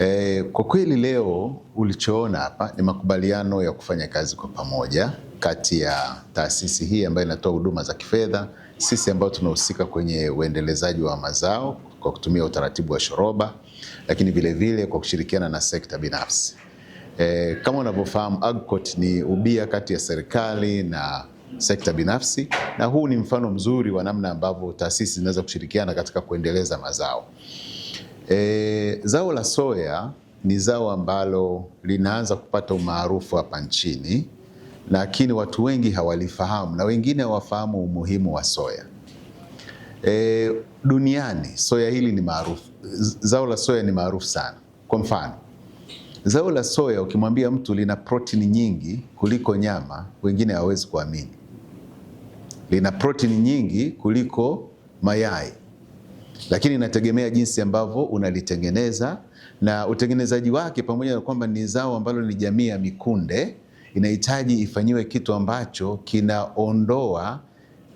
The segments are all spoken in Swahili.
E, kwa kweli leo ulichoona hapa ni makubaliano ya kufanya kazi kwa pamoja kati ya taasisi hii ambayo inatoa huduma za kifedha, sisi ambao tunahusika kwenye uendelezaji wa mazao kwa kutumia utaratibu wa shoroba, lakini vilevile kwa kushirikiana na sekta binafsi. E, kama unavyofahamu AGCOT ni ubia kati ya serikali na sekta binafsi na huu ni mfano mzuri wa namna ambavyo taasisi zinaweza kushirikiana katika kuendeleza mazao. E, zao la soya ni zao ambalo linaanza kupata umaarufu hapa nchini, lakini watu wengi hawalifahamu na wengine hawafahamu umuhimu wa soya. E, duniani soya hili ni maarufu, zao la soya ni maarufu sana. Kwa mfano, zao la soya ukimwambia mtu lina protini nyingi kuliko nyama, wengine hawawezi kuamini. Lina protini nyingi kuliko mayai lakini inategemea jinsi ambavyo unalitengeneza na utengenezaji wake, pamoja na kwamba ni zao ambalo ni jamii ya mikunde, inahitaji ifanyiwe kitu ambacho kinaondoa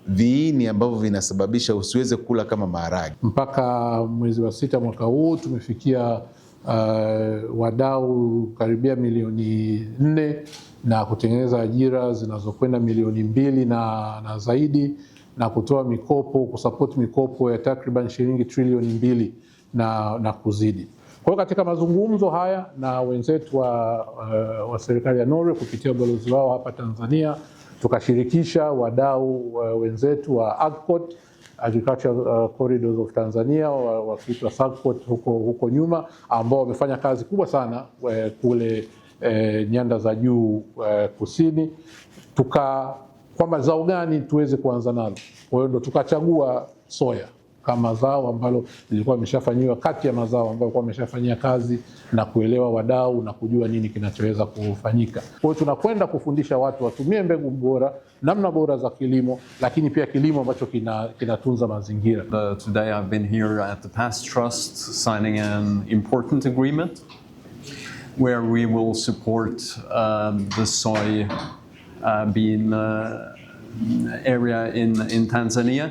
viini ambavyo vinasababisha usiweze kula kama maharage. Mpaka mwezi wa sita mwaka huu tumefikia uh, wadau karibia milioni nne na kutengeneza ajira zinazokwenda milioni mbili na, na zaidi na kutoa mikopo kusupport mikopo ya takriban shilingi trilioni mbili na, na kuzidi. Kwa hiyo katika mazungumzo haya na wenzetu wa, uh, wa serikali ya Norway kupitia ubalozi wao hapa Tanzania tukashirikisha wadau uh, wenzetu wa AGCOT Agricultural uh, Corridors of Tanzania wakiitwa SAGCOT huko, huko nyuma ambao wamefanya kazi kubwa sana uh, kule uh, nyanda za juu uh, kusini tuka kwamba zao gani tuweze kuanza nalo. Kwa hiyo ndo tukachagua soya kama zao ambalo lilikuwa ameshafanyiwa kati ya mazao ambayo kwa ameshafanyia kazi na kuelewa wadau na kujua nini kinachoweza kufanyika. Kwa hiyo tunakwenda kufundisha watu watumie mbegu bora, namna bora za kilimo, lakini pia kilimo ambacho kinatunza kina mazingira. Uh, today I've been here at the Past Trust signing an important agreement where we will support uh, the soy Uh, being uh, area in, in Tanzania.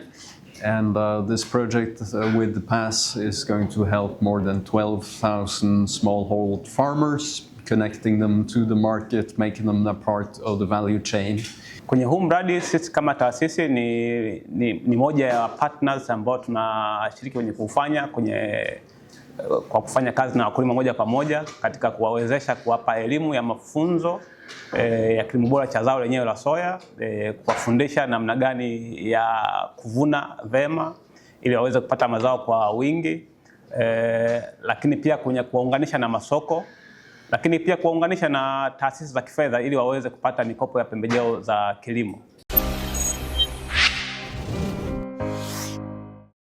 And uh, this project with the pass is going to help more than 12,000 smallhold farmers connecting them to the market, making them a part of the value chain. Kwenye huu mradi sisi kama taasisi ni, ni, ni moja ya partners ambao tunashiriki kwenye kuufanya kwenye kwa kufanya kazi na wakulima moja kwa moja katika kuwawezesha kuwapa elimu ya mafunzo e, ya kilimo bora cha zao lenyewe la soya e, kuwafundisha namna gani ya kuvuna vema ili waweze kupata mazao kwa wingi e, lakini pia kwenye kuwaunganisha na masoko, lakini pia kuwaunganisha na taasisi za kifedha ili waweze kupata mikopo ya pembejeo za kilimo.